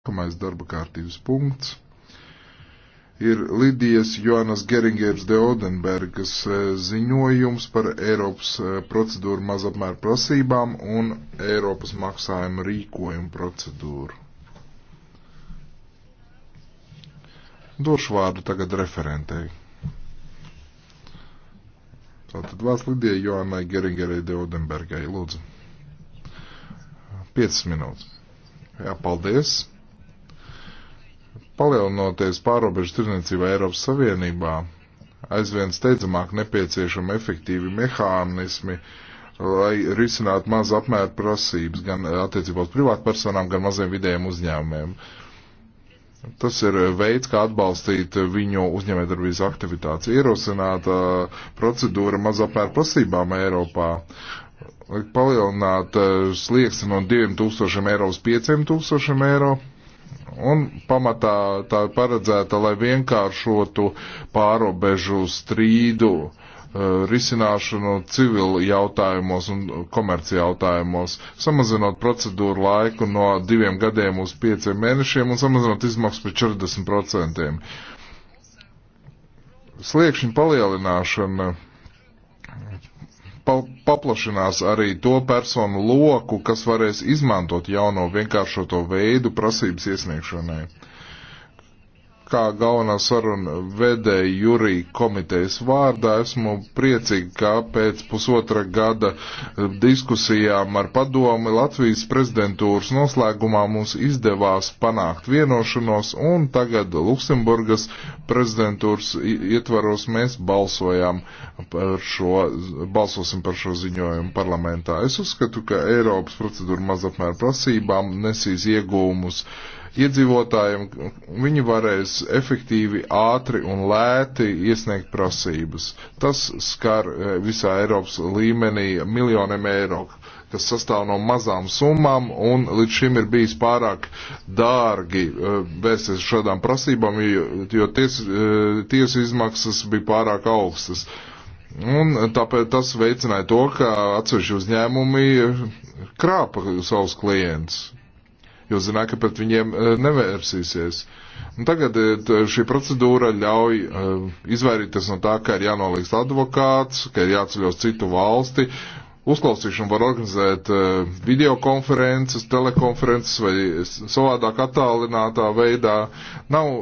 Nākamais darba kārtības punkts ir Lidijas Joanas Geringers de Odenbergas e, ziņojums par Eiropas e, procedūru mazapmēru prasībām un Eiropas maksājumu rīkojumu procedūru. Došu vārdu tagad referentei. Tātad vārds Lidijai Joanai Geringerai de Odenbergai. Lūdzu. 5 minūtes. Jā, paldies. Palielinoties pārobežu tirniecībā Eiropas Savienībā, aizvien steidzamāk nepieciešami efektīvi mehānismi, lai risinātu maz apmēru prasības gan attiecībā uz privātpersonām, gan maziem vidējiem uzņēmumiem. Tas ir veids, kā atbalstīt viņu uzņēmējdarbības aktivitātes, ierosināt uh, procedūra mazapmēru prasībām Eiropā, palielināt uh, slieksni no 2000 eiro uz 5000 eiro Un pamatā tā paredzēta, lai vienkāršotu pārobežu strīdu eh, risināšanu civilu jautājumos un komerci jautājumos, samazinot procedūru laiku no diviem gadiem uz pieciem mēnešiem un samazinot izmaksas par 40%. Sliekšņa palielināšana pa paplašinās arī to personu loku, kas varēs izmantot jauno vienkāršoto veidu prasības iesniegšanai kā galvenā saruna vedēja Jurija komitejas vārdā. Esmu priecīgi, ka pēc pusotra gada eh, diskusijām ar padomi Latvijas prezidentūras noslēgumā mums izdevās panākt vienošanos, un tagad Luksemburgas prezidentūras ietvaros mēs balsojām par šo, balsosim par šo ziņojumu parlamentā. Es uzskatu, ka Eiropas procedūra mazapmēra prasībām nesīs iegūmus uh, iedzīvotājiem, viņi varēs efektīvi, ātri un lēti iesniegt prasības. Tas skar eh, visā Eiropas līmenī miljoniem eiro, kas sastāv no mazām summām, un līdz šim ir bijis pārāk dārgi eh, vēsties šādām prasībām, jo eh, tiesu ties izmaksas bija pārāk augstas. Un tāpēc tas veicināja to, ka atsevišķi uzņēmumi krāpa savus klientus jo zināja, ka pret viņiem e, nevērsīsies. Un tagad e, šī procedūra ļauj e, izvairīties no tā, ka ir jānoliks advokāts, ka ir jāceļos citu valsti. Uzklausīšanu var organizēt videokonferences, telekonferences vai savādāk attālinātā veidā. Nav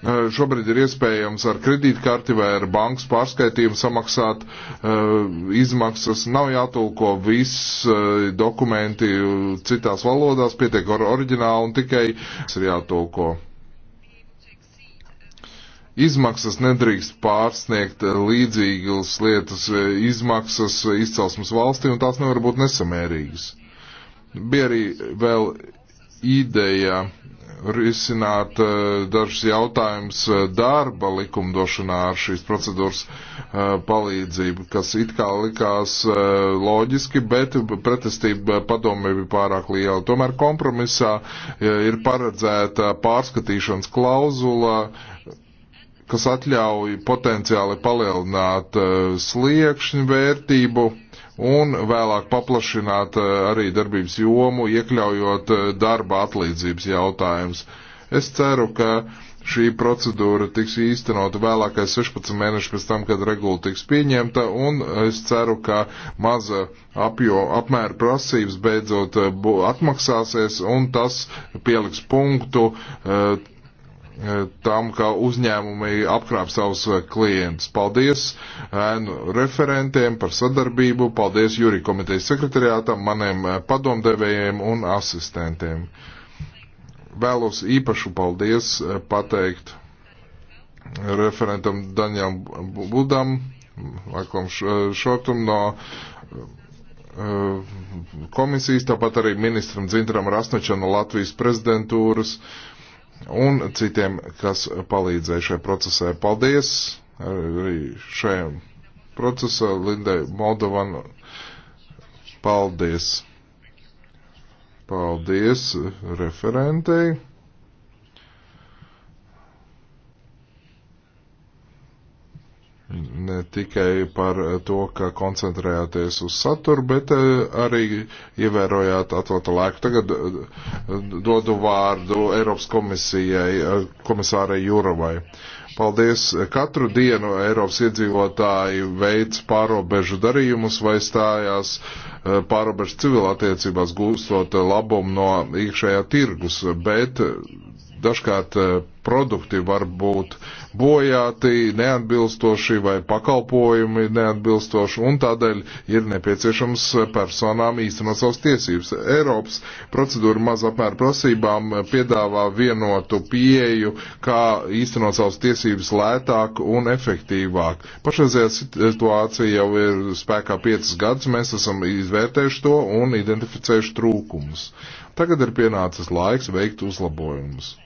Eh, šobrīd ir iespējams ar kredītkarti vai ar bankas pārskaitījumu samaksāt eh, izmaksas. Nav jātulko viss eh, dokumenti citās valodās, pietiek ar oriģinālu un tikai ir jātulko. Izmaksas nedrīkst pārsniegt līdzīgas lietas izmaksas izcelsmes valstī, un tās nevar būt nesamērīgas. Bija arī vēl ideja risināt eh, dažus jautājumus eh, darba likumdošanā ar šīs procedūras eh, palīdzību, kas it kā likās loģiski, bet pretestība padomē bija pārāk liela. Tomēr kompromisā ir paredzēta pārskatīšanas klauzula, kas atļauj potenciāli palielināt sliekšņu vērtību un vēlāk paplašināt eh, arī darbības jomu, iekļaujot eh, darba atlīdzības jautājums. Es ceru, ka šī procedūra tiks īstenota vēlākais 16 mēneši pēc tam, kad regula tiks pieņemta, un es ceru, ka maza apjo, apmēra prasības beidzot eh, atmaksāsies, un tas pieliks punktu uh, Eh, tam, ka uzņēmumi apkrāp savus eh, klientus. Paldies ēnu referentiem par sadarbību, paldies Juri komitejas sekretariātam, maniem eh, padomdevējiem un asistentiem. Vēlos īpašu paldies pateikt referentam Daņam Budam, Laklam Šortum no komisijas, tāpat arī ministram Dzintram Rasnačam no Latvijas prezidentūras. Uh, un citiem, kas palīdzēja šajā procesā. Paldies arī šajā procesā Lindai Moldovan. Paldies! Paldies referentei! ne tikai par to, ka koncentrējāties uz saturu, bet eh, arī ievērojāt atvēlto laiku. Tagad eh, dodu vārdu Eiropas komisijai, eh, komisārai Jurovai. Paldies! Katru dienu Eiropas iedzīvotāji veids pārobežu darījumus vai stājās pārobežu civilatiecībās gūstot labumu no iekšējā tirgus, bet dažkārt eh, produkti var būt bojāti, neatbilstoši vai pakalpojumi neatbilstoši, un tādēļ ir nepieciešams personām īstenot savas tiesības. Eiropas procedūra mazapmēra prasībām piedāvā vienotu pieeju, kā īstenot savas tiesības lētāk un efektīvāk. Pašreizējā situācija jau ir spēkā piecas gadus, mēs esam izvērtējuši to un identificējuši trūkumus. Tagad ir pienācis laiks veikt uzlabojumus.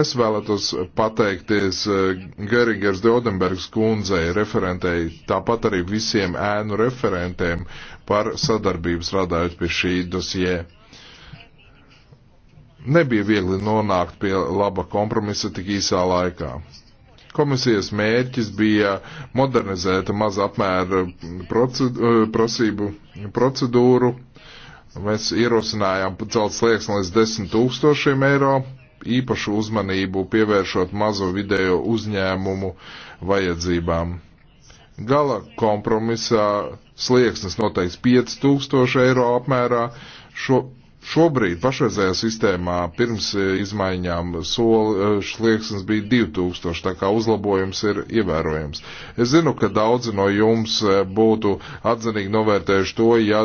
Es vēlētos pateikties eh, Geringers Dodenbergs kundzei, referentei, tāpat arī visiem ēnu referentiem par sadarbību strādājot pie šī dosijē. Nebija viegli nonākt pie laba kompromisa tik īsā laikā. Komisijas mērķis bija modernizēt maza apmēra procedu, eh, prasību procedūru. Mēs ierosinājām celt slieksni līdz 10 tūkstošiem eiro īpašu uzmanību pievēršot mazo vidējo uzņēmumu vajadzībām. Gala kompromisā slieksnis noteikts 5000 eiro apmērā, šo Šobrīd pašreizējā sistēmā pirms eh, izmaiņām soli eh, šlieksnes bija 2000, tā kā uzlabojums ir ievērojams. Es zinu, ka daudzi no jums eh, būtu atzinīgi novērtējuši to, ja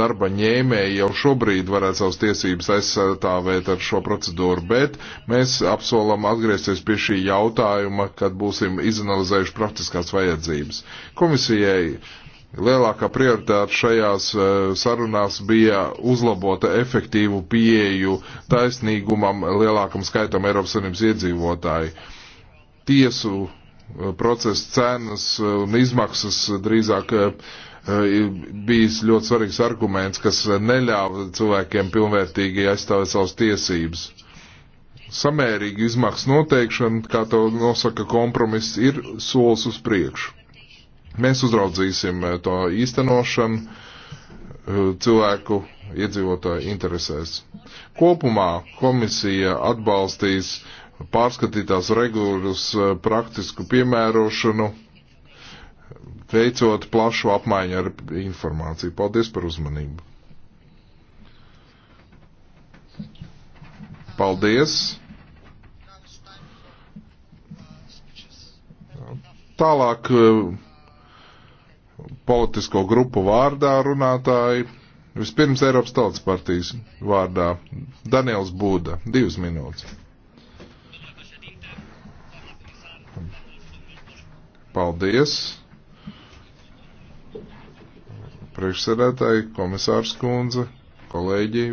darba ņēmēji jau šobrīd varētu savas tiesības aizstāvēt ar šo procedūru, bet mēs apsolam atgriezties pie šī jautājuma, kad būsim izanalizējuši praktiskās vajadzības. Komisijai Lielākā prioritāte šajās eh, sarunās bija uzlabota efektīvu pieeju taisnīgumam lielākam skaitam Eiropas Savienības iedzīvotāju. Tiesu eh, procesa cenas eh, un izmaksas drīzāk bijis ļoti svarīgs arguments, kas neļāva cilvēkiem pilnvērtīgi aizstāvēt savas tiesības. Samērīgi izmaksu noteikšana, kā to nosaka kompromiss, ir solis uz priekšu Mēs uzraudzīsim eh, to īstenošanu eh, cilvēku iedzīvotāju interesēs. Kopumā komisija atbalstīs pārskatītās regulas eh, praktisku piemērošanu, veicot plašu apmaiņu ar informāciju. Paldies par uzmanību. Paldies. Tālāk politisko grupu vārdā runātāji. Vispirms Eiropas Tautas partijas vārdā Daniels Būda, divas minūtes. Paldies. Priekšsēdētāji, komisārs Kunze, kolēģi,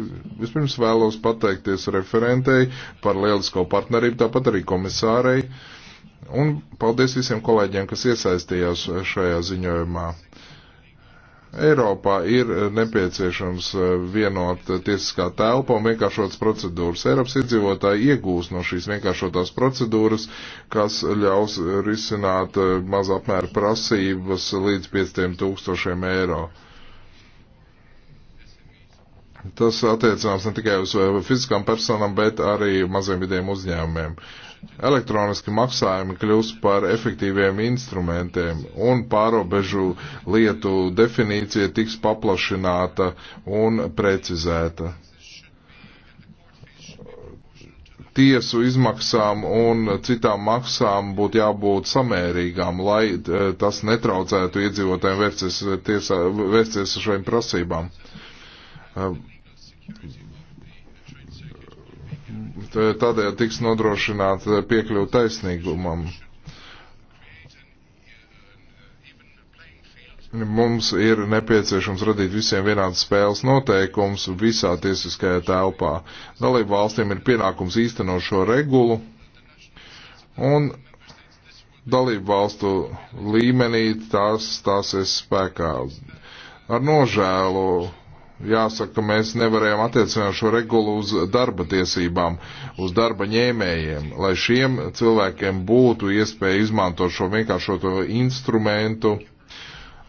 vispirms vēlos pateikties referentei par lielisko partnerību, tāpat arī komisārei. Uh, Un paldies visiem kolēģiem, kas iesaistījās šajā ziņojumā. Eiropā ir nepieciešams eh, vienot tiesiskā telpa un vienkāršotas procedūras. Eiropas iedzīvotāji iegūs no šīs vienkāršotās procedūras, kas ļaus risināt eh, maz apmēra prasības līdz 5000 eiro. Tas attiecināms ne tikai uz eh, fiziskām personām, bet arī maziem vidiem uzņēmumiem. Uh, Elektroniski maksājumi kļūs par efektīviem instrumentiem un pārobežu lietu definīcija tiks paplašināta un precizēta. Tiesu izmaksām un citām maksām būtu jābūt samērīgām, lai e, tas netraucētu iedzīvotājiem vērsties, tiesā, vērsties šiem prasībām Eh, Tādēļ tiks nodrošināta eh, piekļuva taisnīgumam. Mums ir nepieciešams radīt visiem vienādas spēles noteikums visā tiesiskajā telpā. Dalību valstīm ir pienākums īstenot šo regulu, un dalību valstu līmenī tās stāsies spēkā. Ar nožēlu jāsaka, ka mēs nevarējām attiecināt šo regulu uz darba tiesībām, uz darba ņēmējiem, lai šiem cilvēkiem būtu iespēja izmantot šo vienkāršoto instrumentu,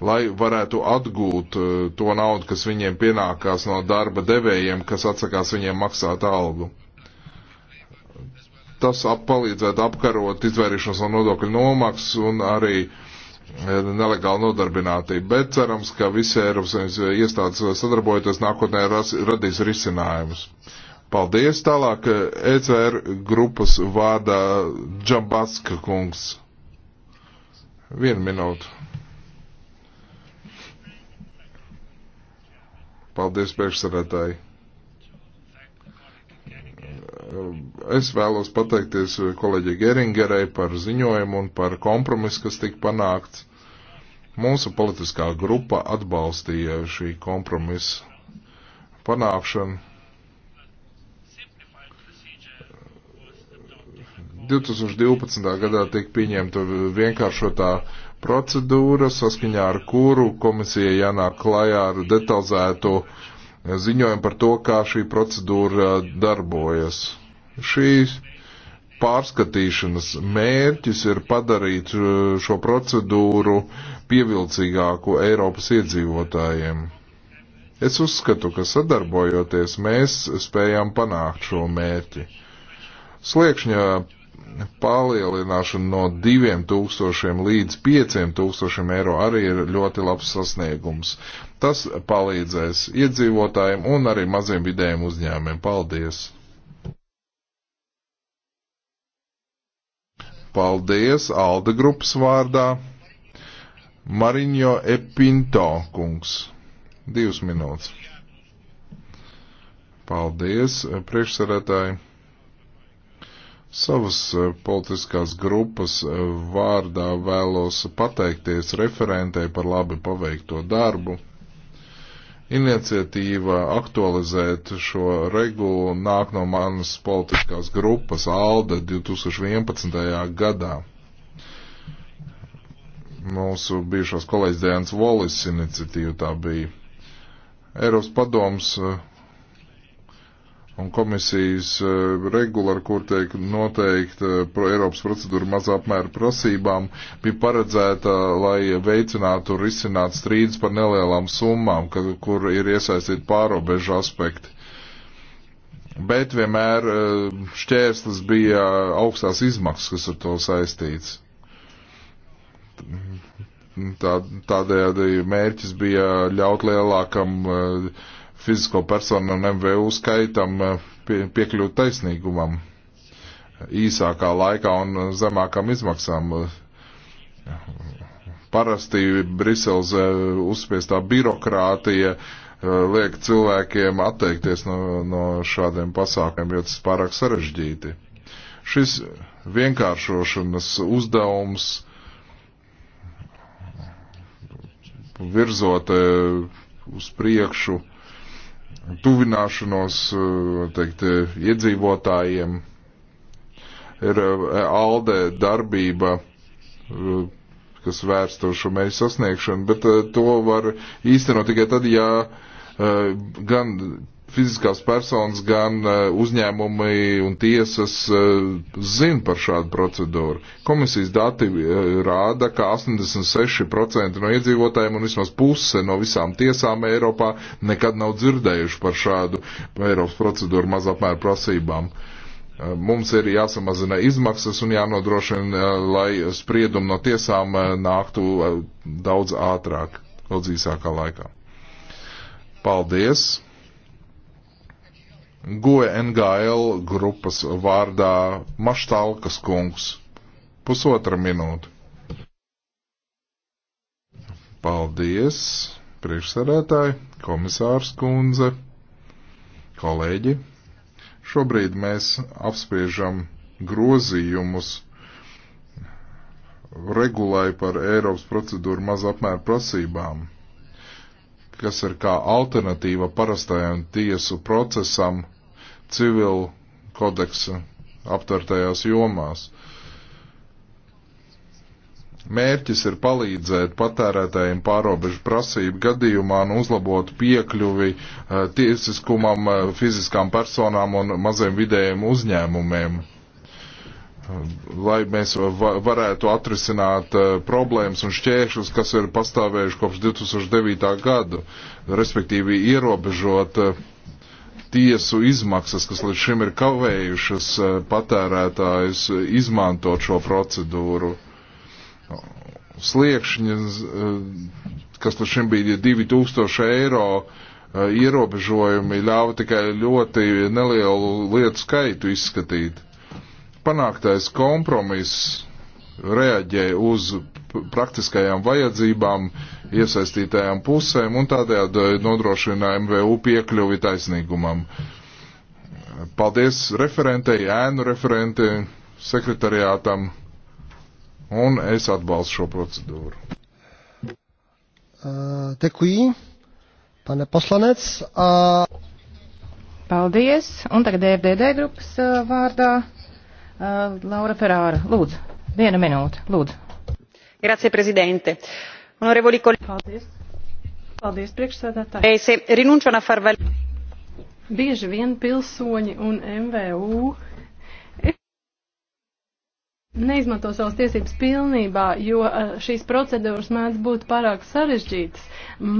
lai varētu atgūt eh, to naudu, kas viņiem pienākās no darba devējiem, kas atsakās viņiem maksāt algu. Tas ap palīdzētu apkarot izvairīšanos no nodokļu nomaksas un arī uh, nelegāla nodarbinātība, bet cerams, ka visi Eiropas iestādes sadarbojoties nākotnē ras, radīs risinājumus. Paldies tālāk ECR eh, e grupas vārdā Džambaska kungs. Vienu minūtu. Paldies priekšsarētāji. Es vēlos pateikties eh, kolēģi Geringerai par ziņojumu un par kompromisu, kas tika panākts. Mūsu politiskā grupa atbalstīja šī kompromisa panākšanu. 2012. gadā tika pieņemta vienkāršotā procedūra, saskaņā ar kuru komisija jānāk klajā ar detalizētu uh, ziņojumu par to, kā šī procedūra darbojas. Šīs pārskatīšanas mērķis ir padarīt uh, šo procedūru pievilcīgāku Eiropas iedzīvotājiem. Es uzskatu, ka sadarbojoties mēs spējām panākt šo mērķi. Sliekšņa palielināšana no 2000 līdz 5000 eiro arī ir ļoti labs sasniegums. Tas palīdzēs iedzīvotājiem un arī maziem vidējiem uzņēmiem. Paldies! Paldies Alda grupas vārdā Mariņo Epinto kungs. Divas minūtes. Paldies, priekšsarētāji savas e, politiskās grupas e, vārdā vēlos pateikties referentei par labi paveikto darbu. Iniciatīva aktualizēt šo regulu nāk no manas politiskās grupas ALDE 2011. gadā. Mūsu bijušās kolēģis Dēns Volis iniciatīva tā bija. Eiropas padoms e, un komisijas eh, regulāri, kur tiek noteikta eh, pro Eiropas procedūra mazā apmēra prasībām, bija paredzēta, lai veicinātu un risinātu strīdus par nelielām summām, kad, kur ir iesaistīti pārobežu aspekti. Bet vienmēr eh, šķērslis bija augstās izmaksas, kas ar to saistīts. Tā, tādējādi mērķis bija ļaut lielākam uh, fizisko personu un MVU skaitam eh, pie, piekļūt taisnīgumam īsākā laikā un zemākām izmaksām. Parasti Briseles eh, uzspiestā birokrātija eh, liek cilvēkiem atteikties no, no šādiem pasākumiem, jo tas pārāk sarežģīti. Šis vienkāršošanas uzdevums virzot uz priekšu tuvināšanos eh, teikt, eh, iedzīvotājiem, ir eh, ALDE darbība, kas vērsta uz šo mērķu sasniegšanu, bet to var īstenot tikai tad, ja gan fiziskās personas, gan eh, uzņēmumi un tiesas eh, zina par šādu procedūru. Komisijas dati eh, rāda, ka 86% no iedzīvotājiem un vismaz puse no visām tiesām Eiropā nekad nav dzirdējuši par šādu Eiropas procedūru mazapmēru prasībām. Mums ir jāsamazina izmaksas un jānodrošina, lai spriedumi no tiesām nāktu daudz ātrāk, daudz īsākā laikā. Paldies! Goja NGL grupas vārdā Maštalkas kungs. Pusotra minūte. Paldies, priekšsarētāji, komisārs kundze, kolēģi. Šobrīd mēs apspriežam grozījumus regulai par Eiropas procedūru mazapmēru prasībām, kas ir kā alternatīva parastajam tiesu procesam civilu kodeksa aptvertajās jomās. Mērķis ir palīdzēt patērētājiem pārobežu prasību gadījumā un uzlabot piekļuvi eh, tiesiskumam eh, fiziskām personām un maziem vidējiem uzņēmumiem, eh, lai mēs varētu atrisināt problēmas un šķēršļus, kas ir pastāvējuši kopš 2009. gadu, respektīvi ierobežot tiesu izmaksas, kas līdz šim ir kavējušas eh, patērētājus izmantot šo procedūru. Sliekšņi, eh, kas līdz šim bija 2000 eiro, eh, ierobežojumi ļāva tikai ļoti nelielu lietu skaitu izskatīt. Panāktais kompromiss reaģē uz praktiskajām vajadzībām iesaistītajām pusēm un tādējādi nodrošināja MVU piekļuvi taisnīgumam. Paldies referentei, ēnu referentei, sekretariātam un es atbalstu šo procedūru. Děkuji, uh, pane poslanec. A... Paldies. Un tagad DFDD grupas uh, vārdā uh, Laura Ferāra. Lūdzu. Viena minūte, lūdzu. Grazie, prezidente. Honorevoli kolēģi. Paldies. Paldies, priekšsēdētāji. Eh, Bieži vien pilsoņi un MVU neizmanto savas tiesības pilnībā, jo e, šīs procedūras mēdz būt pārāk sarežģītas.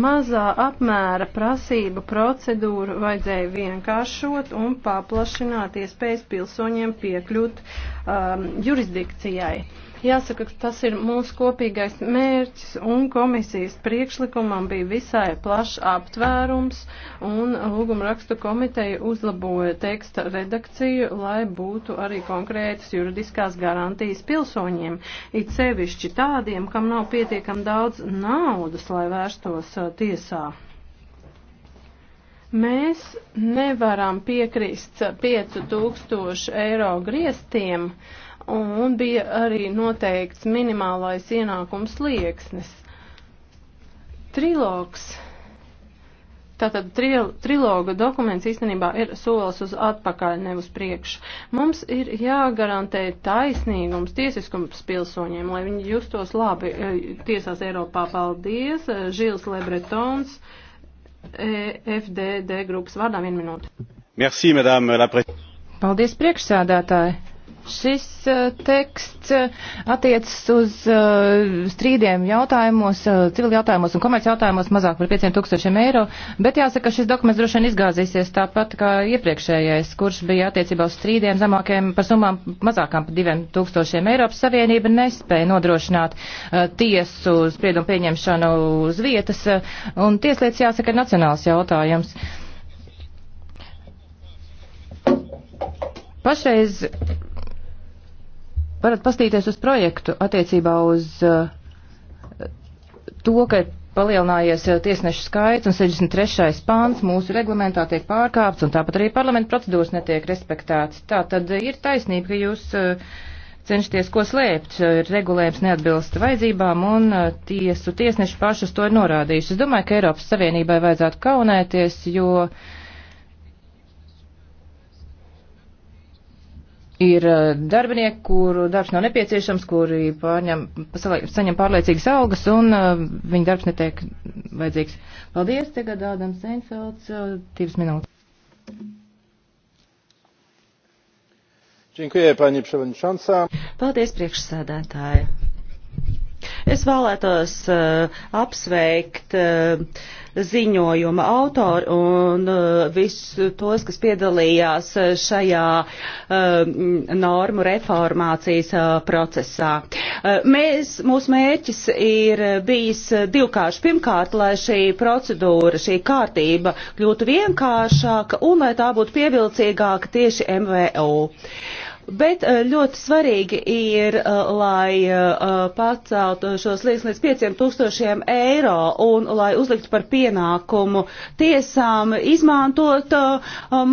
Mazā apmēra prasību procedūru vajadzēja vienkāršot un paplašināt iespējas pilsoņiem piekļūt um, jurisdikcijai. Uh, Jāsaka, ka tas ir mūsu kopīgais mērķis, un komisijas priekšlikumam bija visai plašs aptvērums, un lūguma rakstu komiteja uzlaboja teksta redakciju, lai būtu arī konkrētas juridiskās garantijas pilsoņiem, it sevišķi tādiem, kam nav pietiekam daudz naudas, lai vērstos tiesā. Mēs nevaram piekrist 5000 eiro griestiem, uh, un bija arī noteikts minimālais ienākums liekas. Trilogs. Tātad tril, triloga dokuments īstenībā ir solis uz atpakaļ, ne uz priekšu. Mums ir jāgarantē taisnīgums, tiesiskums pilsoņiem, lai viņi justos labi e, tiesās Eiropā. Paldies! E, Žils Lebretons, e, FDD grupas vārdā, vienu minūti. Merci, madame la prezidente. Paldies, priekšsēdētāji! Šis uh, teksts uh, attiecas uz uh, strīdiem jautājumos, civil jautājumos un komerci jautājumos mazāk par 5000 eiro, bet jāsaka, šis dokuments droši vien izgāzīsies tāpat kā iepriekšējais, kurš bija attiecībā uz strīdiem zamākiem par summām mazākām par 2000 eiro. Savienība nespēja nodrošināt tiesu spriedumu pieņemšanu uz vietas, un tieslietas jāsaka ir nacionāls jautājums. Pašreiz varat pastīties uz projektu attiecībā uz eh, to, ka palielinājies eh, tiesnešu skaits un 63. pāns mūsu reglamentā tiek pārkāpts un tāpat arī parlamenta procedūras netiek respektēts. Tā tad ir taisnība, ka jūs eh, cenšaties ko slēpt, regulējums neatbilst vajadzībām un tiesu tiesneši pašas to ir norādījuši. Es domāju, ka Eiropas Savienībai vajadzētu kaunēties, jo uh, Ir eh, darbinieki, kuru darbs nav nepieciešams, kuri pārņem, saņem pārliecīgas algas un uh, viņa darbs netiek vajadzīgs. Paldies, tagad Ādams Seinfelds, uh, divas minūtes. Dziękuję, pani przewodnicząca. Paldies, priekšsēdētāji. Es vēlētos uh, apsveikt uh, ziņojuma autori un uh, visus tos, kas piedalījās uh, šajā um, normu reformācijas uh, procesā. Mēs, mūsu mērķis ir bijis divkārši. Pirmkārt, lai šī procedūra, šī kārtība kļūtu vienkāršāka un lai tā būtu pievilcīgāka tieši MVO. Bet eh, ļoti svarīgi ir, eh, lai eh, paceltu šos līdz, līdz 5000 eiro un lai uzliktu par pienākumu tiesām izmantot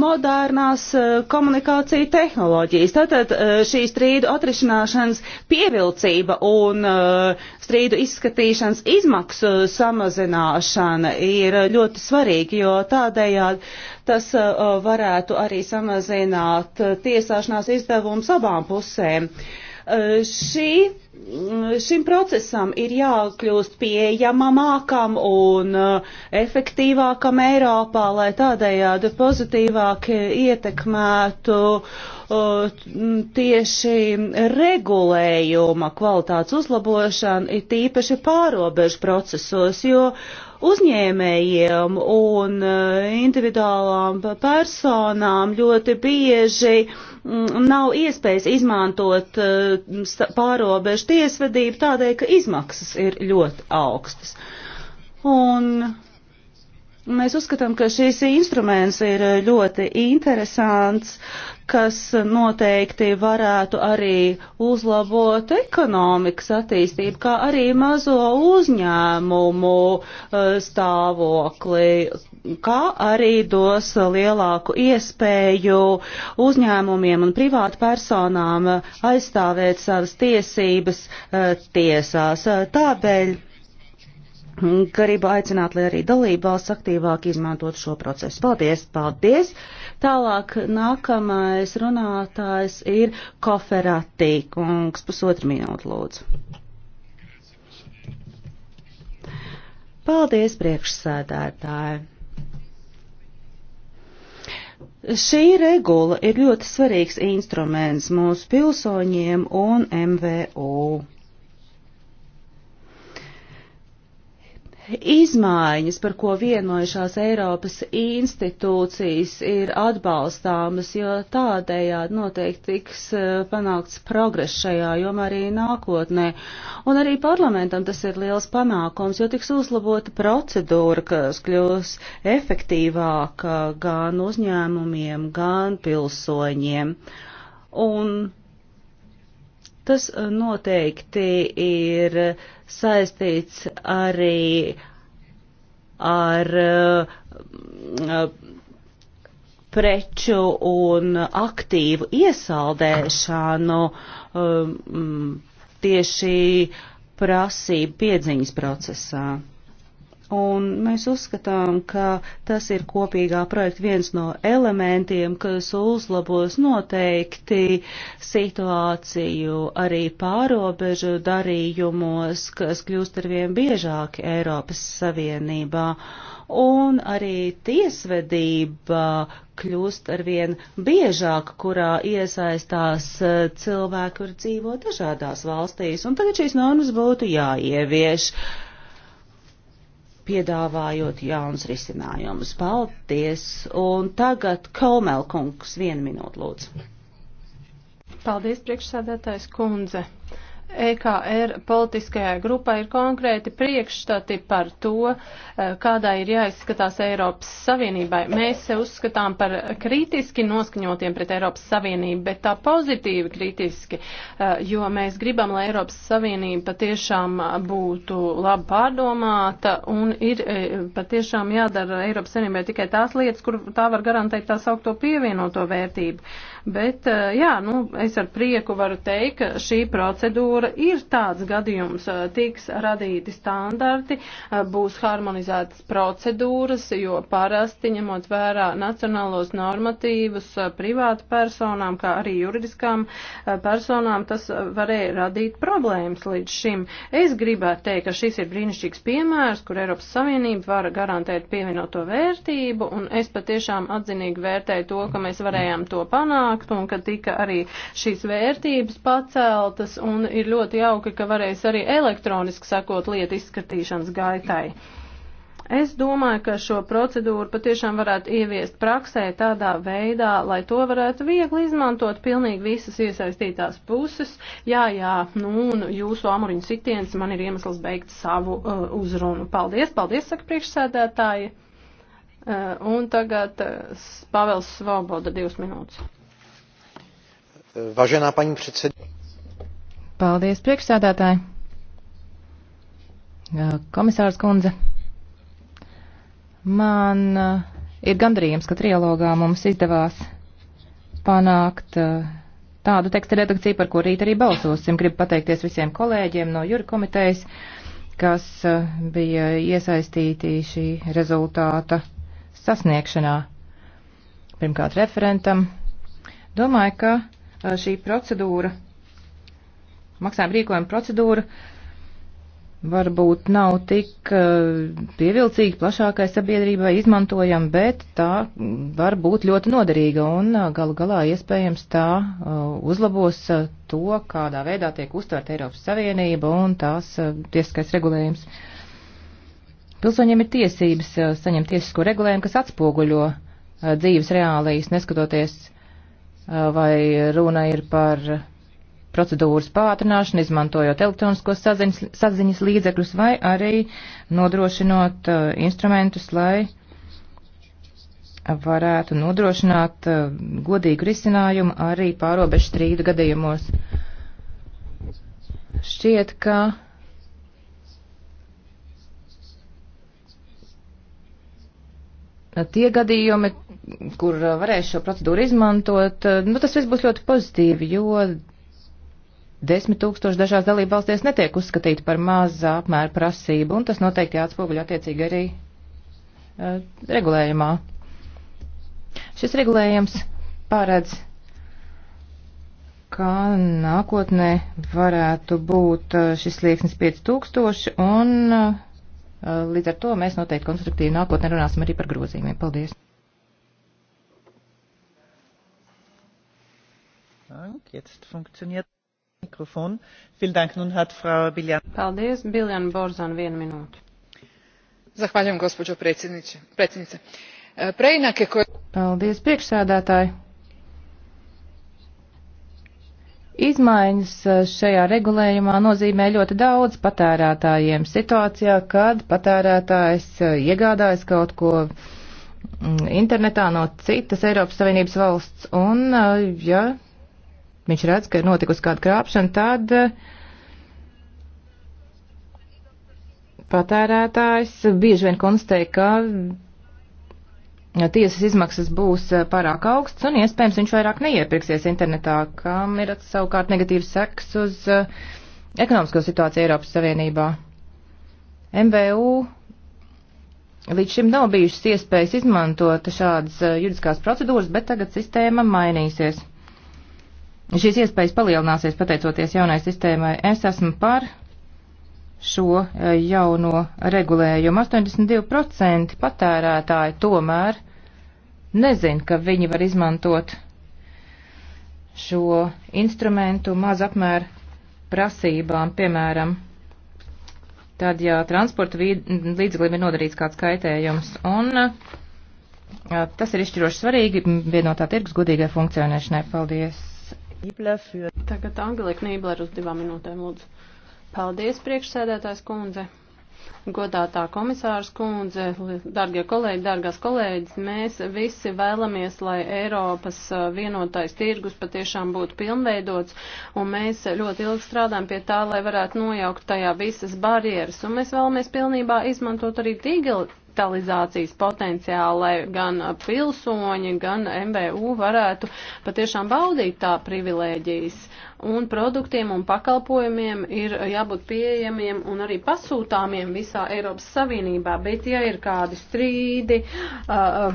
modernās komunikāciju tehnoloģijas. Tātad šī strīdu atrisināšanas pievilcība un strīdu izskatīšanas izmaksu samazināšana ir ļoti svarīga, jo tādējādi tas uh, varētu arī samazināt uh, tiesāšanās izdevumus abām pusēm. Uh, šī, mm, šim procesam ir jākļūst pieejamamākam un efektīvākam Eiropā, lai tādējādi pozitīvāk ietekmētu uh, tieši regulējuma kvalitātes uzlabošana, it īpaši pārobežu procesos, jo uzņēmējiem un e, individuālām personām ļoti bieži nav iespējas izmantot e, pārobežu tiesvedību tādēļ, ka izmaksas ir ļoti augstas. Un Mēs uzskatām, ka šīs instruments ir ļoti interesants, kas noteikti varētu arī uzlabot ekonomikas attīstību, kā arī mazo uzņēmumu eh, stāvokli, kā arī dos lielāku iespēju uzņēmumiem un privātu personām aizstāvēt savas tiesības eh, tiesās. Tāpēc Gribu aicināt, lai arī dalībvalsts aktīvāk izmantot šo procesu. Paldies, paldies! Tālāk nākamais runātājs ir Koferatī kungs, pusotru minūtu lūdzu. Paldies, priekšsēdētāji! Šī regula ir ļoti svarīgs instruments mūsu pilsoņiem un MVU. izmaiņas, par ko vienojušās Eiropas institūcijas, ir atbalstāmas, jo tādējādi noteikti tiks eh, panākts progress šajā jomā arī nākotnē. Un arī parlamentam tas ir liels panākums, jo tiks uzlabota procedūra, kas kļūs efektīvāka gan uzņēmumiem, gan pilsoņiem. Un Tas eh, noteikti ir saistīts arī ar eh, preču un aktīvu iesaldēšanu eh, tieši prasību piedziņas procesā un mēs uzskatām, ka tas ir kopīgā projekta viens no elementiem, kas uzlabos noteikti situāciju arī pārobežu darījumos, kas kļūst arvien biežāk Eiropas Savienībā, un arī tiesvedība kļūst arvien biežāk, kurā iesaistās eh, cilvēki, kur dzīvo dažādās valstīs, un tagad šīs normas būtu jāievieš. Uh, piedāvājot jauns risinājumus. Paldies! Un tagad Kolmelkungs, vienu minūtu lūdzu. Paldies, priekšsādātājs kundze. EKR politiskajai grupai ir konkrēti priekšstati par to, e, kādai ir jāizskatās Eiropas Savienībai. Mēs se uzskatām par kritiski noskaņotiem pret Eiropas Savienību, bet tā pozitīvi kritiski, e, jo mēs gribam, lai Eiropas Savienība patiešām būtu labi pārdomāta un ir e, patiešām jādara Eiropas Savienībai tikai tās lietas, kur tā var garantēt tās augto pievienoto vērtību. Bet, jā, nu, es ar prieku varu teikt, ka šī procedūra procedūra. Ir tāds gadījums, tiks radīti standarti, būs harmonizētas procedūras, jo parasti ņemot vērā nacionālos normatīvus privātu personām, kā arī juridiskām personām, tas varēja radīt problēmas līdz šim. Es gribētu teikt, ka šis ir brīnišķīgs piemērs, kur Eiropas Savienība var garantēt pievienoto vērtību, un es patiešām atzinīgi vērtēju to, ka mēs varējām to panākt, un ka tika arī šīs vērtības paceltas, un ir ļoti jauki, ka varēs arī elektroniski sakot lietu izskatīšanas gaitai. Es domāju, ka šo procedūru patiešām varētu ieviest praksē tādā veidā, lai to varētu viegli izmantot pilnīgi visas iesaistītās puses. Jā, jā, nu un jūsu amuriņu sitiens man ir iemesls beigt savu uh, uzrunu. Paldies, paldies, saka priekšsēdētāji. Uh, un tagad uh, Pavels Svoboda, divas minūtes. Vážená paní předsedkyně. Paldies, priekšsādātāji! Komisārs kundze, man ir gandarījums, ka trialogā mums izdevās panākt tādu teksta redakciju, par ko rīt arī balsosim. Gribu pateikties visiem kolēģiem no jūra komitejas, kas bija iesaistīti šī rezultāta sasniegšanā. Pirmkārt referentam. Domāju, ka šī procedūra maksājuma rīkojuma procedūra varbūt nav tik eh, pievilcīga plašākai sabiedrībai izmantojama, bet tā var būt ļoti noderīga un eh, galu galā iespējams tā eh, uzlabos to, kādā veidā tiek uztvērta Eiropas Savienība un tās tiesiskais regulējums. Pilsoņiem ir tiesības saņemt tiesisko regulējumu, kas atspoguļo dzīves reālijas, neskatoties vai runa ir par procedūras pātrināšanu, izmantojot elektroniskos saziņas, saziņas līdzekļus vai arī nodrošinot uh, instrumentus, lai varētu nodrošināt uh, godīgu risinājumu arī pārobežu strīdu gadījumos. Šķiet, ka tie gadījumi, kur uh, varēs šo procedūru izmantot, uh, nu, tas viss būs ļoti pozitīvi, jo Desmit tūkstoši dažās dalībvalstīs netiek uzskatīti par mazā apmēra prasību, un tas noteikti jāatspoguļ attiecīgi arī uh, regulējumā. Šis regulējums paredz, ka nākotnē varētu būt e, šis slieksnis 5000, un uh, līdz ar to mēs noteikti konstruktīvi nākotnē runāsim arī par grozījumiem. Paldies! Jetzt funktioniert. Mikrofon. Dank, nun hat Frau Biljan. Paldies, Biljana Borzan, vienu minūtu. Zahvaljujem, gospođo predsjednice. E, preinake koje... Paldies, priekšsēdētāji. Izmaiņas e, šajā regulējumā nozīmē ļoti daudz patērētājiem situācijā, kad patērētājs e, iegādājas kaut ko mm, internetā no citas Eiropas Savienības valsts un, ja viņš redz, ka ir notikusi kāda krāpšana, tad eh, patērētājs bieži vien konstatē, ka tiesas izmaksas būs eh, pārāk augsts un iespējams viņš vairāk neiepirksies internetā, kam ir savukārt negatīvs seks uz eh, ekonomisko situāciju Eiropas Savienībā. MVU līdz šim nav bijušas iespējas izmantot šādas juridiskās procedūras, bet tagad sistēma mainīsies. Šīs iespējas palielināsies pateicoties jaunai sistēmai. Es esmu par šo e, jauno regulējumu. 82% patērētāji tomēr nezin, ka viņi var izmantot šo instrumentu maz apmēru prasībām, piemēram, tad, ja transporta līdzeklim ir nodarīts kāds kaitējums. Un e, tas ir izšķiroši svarīgi vienotā tirgus godīgai funkcionēšanai. Paldies! Tagad Angelika Nībler uz divām minūtēm lūdzu. Paldies, priekšsēdētājs kundze, godātā komisārs kundze, dargie kolēģi, dargās kolēģis. Mēs visi vēlamies, lai Eiropas vienotais tirgus patiešām būtu pilnveidots, un mēs ļoti ilgi strādājam pie tā, lai varētu nojaukt tajā visas barjeras, un mēs vēlamies pilnībā izmantot arī digitalizāciju digitalizācijas potenciālu, lai gan pilsoņi, gan MBU varētu patiešām baudīt tā privilēģijas un produktiem un pakalpojumiem ir jābūt pieejamiem un arī pasūtāmiem visā Eiropas Savienībā, bet ja ir kādi strīdi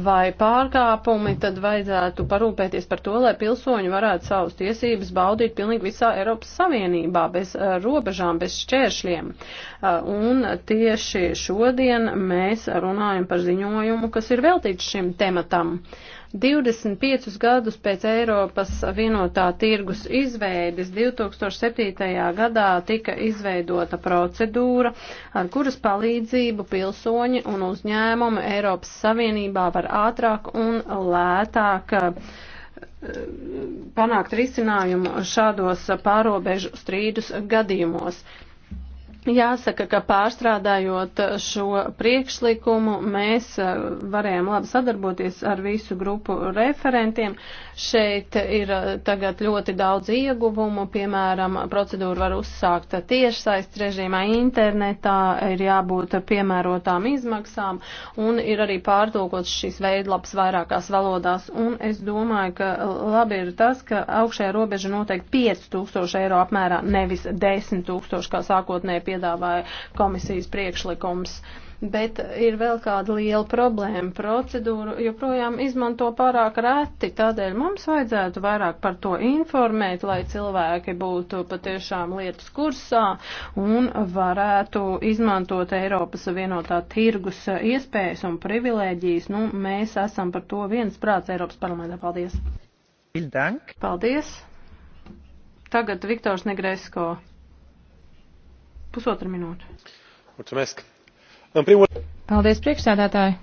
vai pārkāpumi, tad vajadzētu parūpēties par to, lai pilsoņi varētu savus tiesības baudīt pilnīgi visā Eiropas Savienībā, bez robežām, bez šķēršļiem. Un tieši šodien mēs runājam par ziņojumu, kas ir veltīts šim tematam. Uh, 25 gadus pēc Eiropas vienotā tirgus izveides 2007. gadā tika izveidota procedūra, ar kuras palīdzību pilsoņi un uzņēmumi Eiropas Savienībā var ātrāk un lētāk eh, panākt risinājumu šādos pārobežu strīdus gadījumos. Jāsaka, ka pārstrādājot šo priekšlikumu, mēs eh, varējām labi sadarboties ar visu grupu referentiem. Šeit ir eh, tagad ļoti daudz ieguvumu, piemēram, procedūru var uzsākt tiešsaist režīmā internetā, ir jābūt piemērotām izmaksām un ir arī pārtulkots šīs veidlaps vairākās valodās. Un es domāju, ka labi ir tas, ka augšējā robeža noteikti 5000 eiro apmērā, nevis 10 tūkstoši, kā sākotnēji piedāvāja komisijas priekšlikums. Bet ir vēl kāda liela problēma. Procedūru joprojām izmanto pārāk reti, tādēļ mums vajadzētu vairāk par to informēt, lai cilvēki būtu patiešām lietas kursā un varētu izmantot Eiropas vienotā tirgus iespējas un privilēģijas. Nu, mēs esam par to viens prāts Eiropas parlamentā. Paldies! Paldies! Tagad Viktors Negresko. Pusotra minūte. Mulțumesc. În primul Paldies, priekšsēdētāji.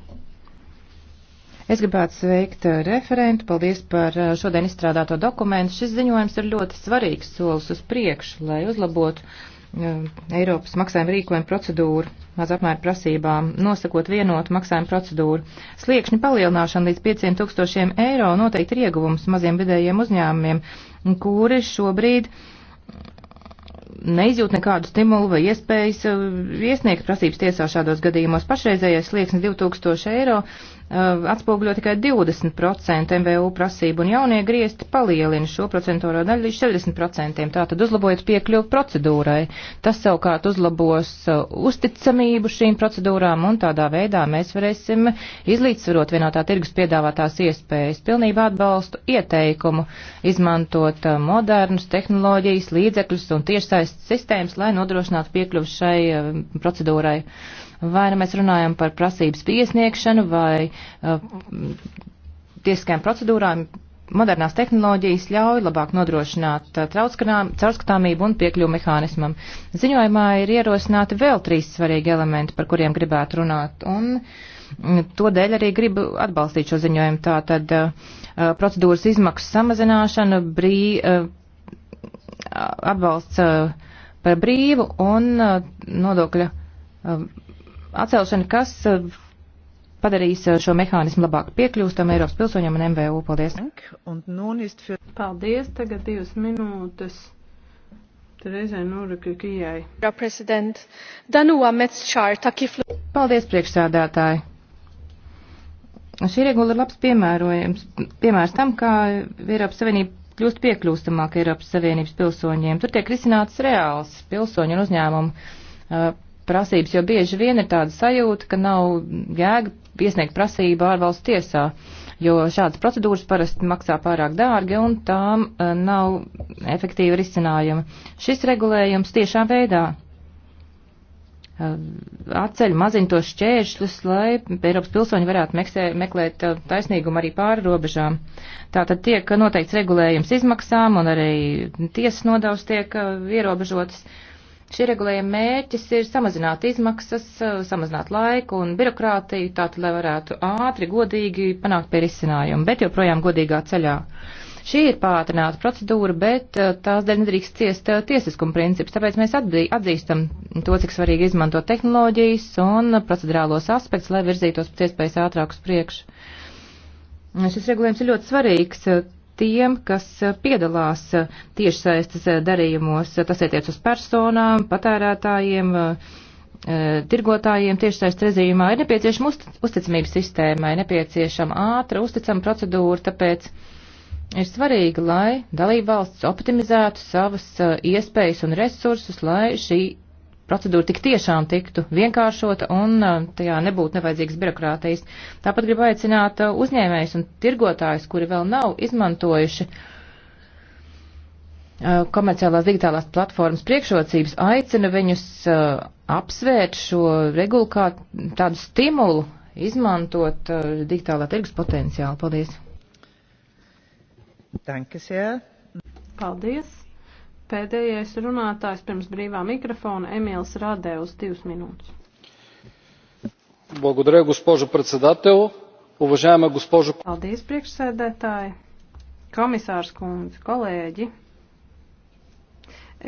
Es gribētu sveikt uh, referentu. Paldies par uh, šodien izstrādāto dokumentu. Šis ziņojums ir ļoti svarīgs solis uz priekšu, lai uzlabotu uh, Eiropas maksājuma rīkojuma procedūru maz apmēra prasībām, nosakot vienotu maksājuma procedūru. Sliekšņa palielināšana līdz 500 tūkstošiem eiro noteikti ir ieguvums maziem vidējiem uzņēmumiem, kuri šobrīd uh, neizjūt nekādu stimulu vai iespējas uh, iesniegt prasības tiesā šādos gadījumos. Pašreizējais slieksnis 2000 eiro Uh, atspoguļo tikai 20% MVU prasību, un jaunie griezti palielina šo procentuālo daļu līdz 40%, tātad uzlabojot piekļuvu procedūrai. Tas savukārt uzlabos uh, uzticamību šīm procedūrām, un tādā veidā mēs varēsim izlīdzsvarot vienotā tirgus piedāvātās iespējas. Pilnībā atbalstu ieteikumu izmantot uh, modernus tehnoloģijas, līdzekļus un tiešsaistes sistēmas, lai nodrošinātu piekļuvu šai procedūrai. Vai nu mēs runājam par prasības piesniegšanu vai uh, tiesiskajām procedūrām, modernās tehnoloģijas ļauj labāk nodrošināt uh, caurskatāmību un piekļuvu mehānismam. Ziņojumā ir ierosināti vēl trīs svarīgi elementi, par kuriem gribētu runāt, un mm, to dēļ arī gribu atbalstīt šo ziņojumu. Tā tad uh, uh, procedūras izmaksu samazināšana, brī, atbalsts par brīvu un nodokļa atcelšana, kas eh, padarīs eh, šo mehānismu labāk piekļūstam Eiropas pilsoņiem un MVU. Paldies. Paldies. Tagad divas minūtes. Paldies, priekšsēdētāji. Šī regula ir labs piemērojums, piemērs tam, kā Eiropas Savienība kļūst piekļūstamāk Eiropas Savienības pilsoņiem. Tur tiek risināts reāls pilsoņu un uzņēmumu eh, prasības, jo bieži vien ir tāda sajūta, ka nav jēga iesniegt prasību ārvalstu tiesā, jo šādas procedūras parasti maksā pārāk dārgi un tām eh, nav efektīva risinājuma. Šis regulējums tiešā veidā eh, atceļ mazintos šķēršļus, lai Eiropas pilsoņi varētu meksē, meklēt eh, taisnīgumu arī pāri robežām. Tātad tiek noteikts regulējums izmaksām un arī tiesas nodevs tiek ierobežotas. Uh, Šī regulējuma mērķis ir samazināt izmaksas, samazināt laiku un birokrātiju, tātad, lai varētu ātri, godīgi panākt pie risinājumu, bet joprojām godīgā ceļā. Šī ir pātrināta procedūra, bet eh, tās dēļ nedrīkst ciest eh, tiesiskuma princips, tāpēc mēs atzīstam to, cik svarīgi izmantot tehnoloģijas un procedurālos aspektus, lai virzītos pēc iespējas ātrāk uz priekšu. Šis regulējums ir ļoti svarīgs eh, tiem, kas eh, piedalās eh, tiešsaistes eh, darījumos. Tas attiec uz personām, patērētājiem, tirgotājiem tiešsaistes režīmā. Ir nepieciešama uzticamības sistēma, ir nepieciešama ātra, uzticama procedūra, tāpēc ir svarīgi, lai dalībvalsts optimizētu savas iespējas un resursus, lai šī procedūra tik tiešām tiktu vienkāršota un uh, tajā nebūtu nevajadzīgas birokrātijas. Tāpat gribu aicināt uh, uzņēmējus un tirgotājus, kuri vēl nav izmantojuši uh, komerciālās digitālās platformas priekšrocības, aicina viņus apsvērt šo regulu kā tādu stimulu izmantot digitālā tirgus potenciālu. Paldies! Dankas, jā. Paldies! Pēdējais runātājs pirms brīvā mikrofona Emīls Rādē uz divas minūtes. Благодаря, госпожо председател. Уважаема госпожо... Paldies, priekšsēdētāji, komisārs kundze, kolēģi.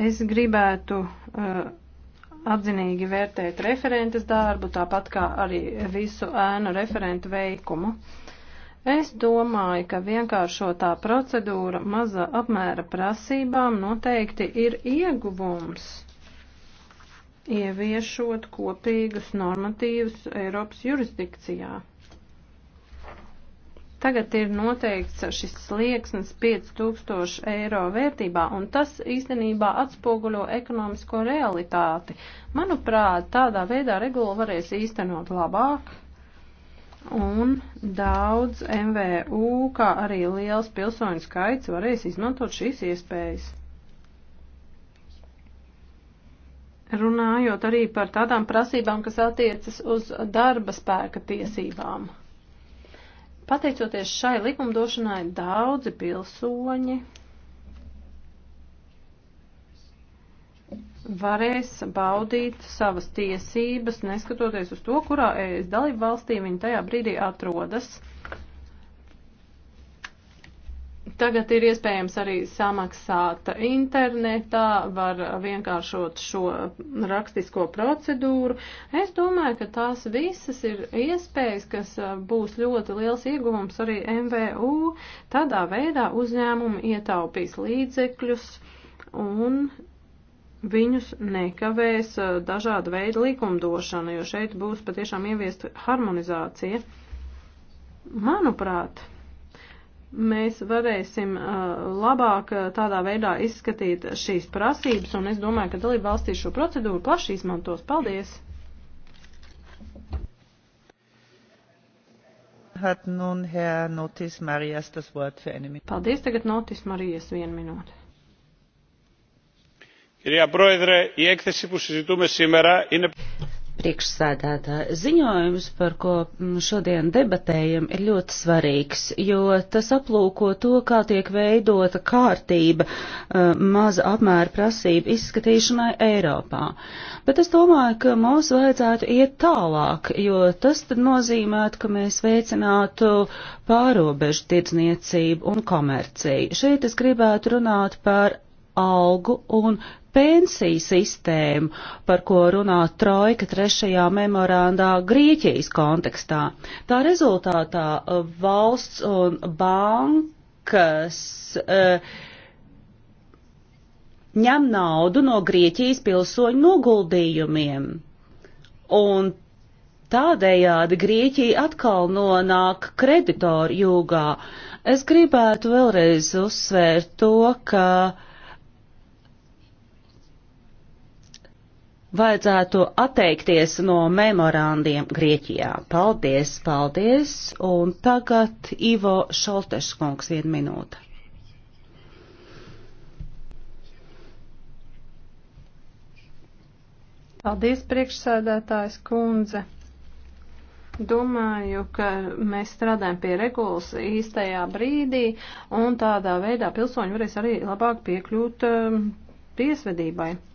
Es gribētu uh, atzinīgi vērtēt referentes darbu, tāpat kā arī visu ēnu referentu veikumu. Uh, Es domāju, ka vienkāršotā procedūra maza apmēra prasībām noteikti ir ieguvums, ieviešot kopīgus normatīvus Eiropas jurisdikcijā. Tagad ir noteikts šis slieksnis 5000 eiro vērtībā, un tas īstenībā atspoguļo ekonomisko realitāti. Manuprāt, tādā veidā regula varēs īstenot labāk un daudz MVU, kā arī liels pilsoņu skaits varēs izmantot šīs iespējas. Runājot arī par tādām prasībām, kas attiecas uz darba spēka tiesībām. Pateicoties šai likumdošanai, daudzi pilsoņi varēs baudīt savas tiesības, neskatoties uz to, kurā ES dalību valstī viņi tajā brīdī atrodas. Tagad ir iespējams arī samaksāt internetā, var vienkāršot šo rakstisko procedūru. Es domāju, ka tās visas ir iespējas, kas būs ļoti liels ieguvums arī MVU. Tādā veidā uzņēmumi ietaupīs līdzekļus un viņus nekavēs dažāda veida likumdošana, jo šeit būs patiešām ieviest harmonizācija. Manuprāt, mēs varēsim labāk tādā veidā izskatīt šīs prasības, un es domāju, ka dalība valstīs šo procedūru plaši izmantos. Paldies! Hat nun Herr Notis Marias das Wort für eine Minute. Paldies, tagad Notis Marijas vienu minūti. Κυρία Πρόεδρε, η έκθεση που συζητούμε σήμερα είναι. Priekšsēdētāji ziņojums, par ko mm, šodien debatējam, ir ļoti svarīgs, jo tas aplūko to, kā tiek veidota kārtība e, maza apmēra prasību izskatīšanai Eiropā. Bet es domāju, ka mums vajadzētu iet tālāk, jo tas tad nozīmētu, ka mēs veicinātu pārobežu tirdzniecību un komerciju. Šeit es gribētu runāt par algu un pensiju sistēmu, par ko runā Trojka trešajā memorandā Grieķijas kontekstā. Tā rezultātā uh, valsts un bankas uh, ņem naudu no Grieķijas pilsoņu noguldījumiem. Un tādējādi Grieķija atkal nonāk kreditoru jūgā. Es gribētu vēlreiz uzsvērt to, ka uh, vajadzētu atteikties no memorandiem Grieķijā. Paldies, paldies, un tagad Ivo Šolteškungs vienu minūtu. Paldies, priekšsēdētājs kundze. Domāju, ka mēs strādājam pie regulas īstajā brīdī, un tādā veidā pilsoņi varēs arī labāk piekļūt um, tiesvedībai. Uh,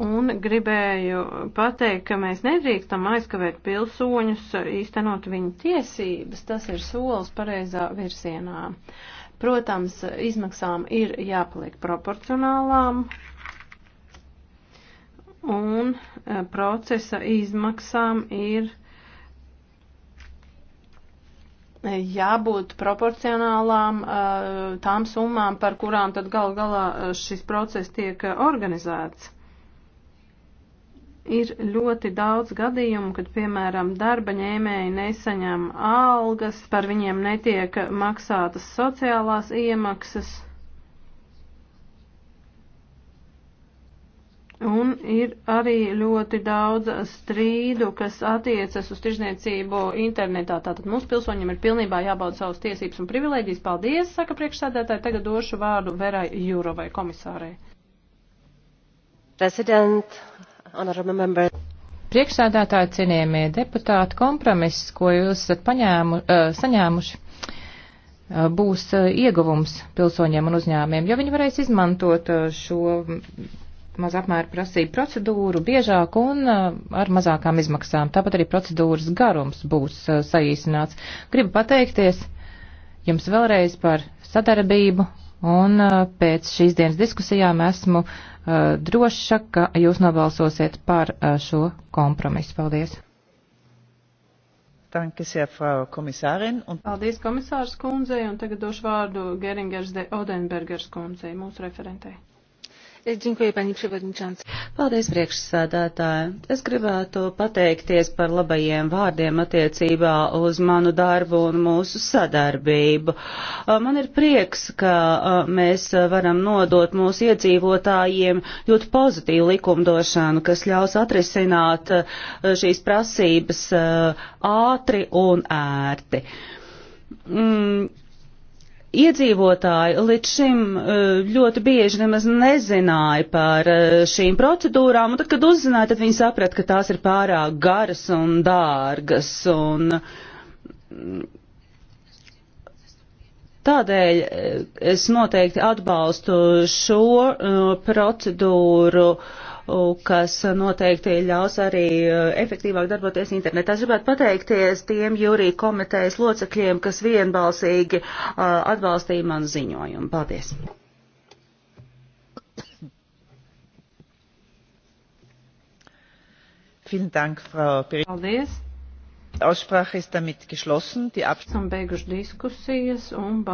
Un gribēju pateikt, ka mēs nedrīkstam aizkavēt pilsoņus, īstenot viņu tiesības. Tas ir solis pareizā virzienā. Protams, izmaksām ir jāpaliek proporcionālām. Un e, procesa izmaksām ir e, jābūt proporcionālām e, tām summām, par kurām tad gal galā šis process tiek organizēts. Ir ļoti daudz gadījumu, kad, piemēram, darba ņēmēji nesaņem algas, par viņiem netiek maksātas sociālās iemaksas. Un ir arī ļoti daudz strīdu, kas attiecas uz tirzniecību internetā. Tātad mūsu pilsoņiem ir pilnībā jābauda savas tiesības un privilēģijas. Paldies, saka priekšsēdētāji. Tagad došu vārdu Verai Jūrovai, komisārai. President, Priekšsādātāji cienījamie deputāti, kompromiss, ko jūs esat paņēmu, eh, saņēmuši, eh, būs eh, ieguvums pilsoņiem un uzņēmiem, jo viņi varēs izmantot šo maz apmēra prasību procedūru, biežāk un ar mazākām izmaksām. Tāpat arī procedūras garums būs saīsināts. Gribu pateikties jums vēlreiz par sadarbību un pēc šīs dienas diskusijām esmu Eh, droša, ka jūs nobalsosiet par eh, šo kompromisu. Paldies! Paldies komisārs kundzei un tagad došu vārdu Geringers de Odenbergers kundzei, mūsu referentei. Pani Prevodničāns. Paldies, priekšsēdētāji. Es gribētu pateikties par labajiem vārdiem attiecībā uz manu darbu un mūsu sadarbību. Man ir prieks, ka mēs varam nodot mūsu iedzīvotājiem ļoti pozitīvu likumdošanu, kas ļaus atrisināt šīs prasības ātri un ērti. Mm, Iedzīvotāji līdz šim e, ļoti bieži nemaz nezināja par e, šīm procedūrām, un tad, kad uzzināja, tad viņi saprata, ka tās ir pārāk garas un dārgas. Un tādēļ e, es noteikti atbalstu šo procedūru uh, kas noteikti ļaus arī eh, efektīvāk darboties internetā. Es gribētu pateikties tiem jūrī komitejas locekļiem, kas vienbalsīgi eh, atbalstīja manu ziņojumu. Paldies! Vielen Dank, Frau Paldies! Aussprache ist damit geschlossen. Die Abstimmung.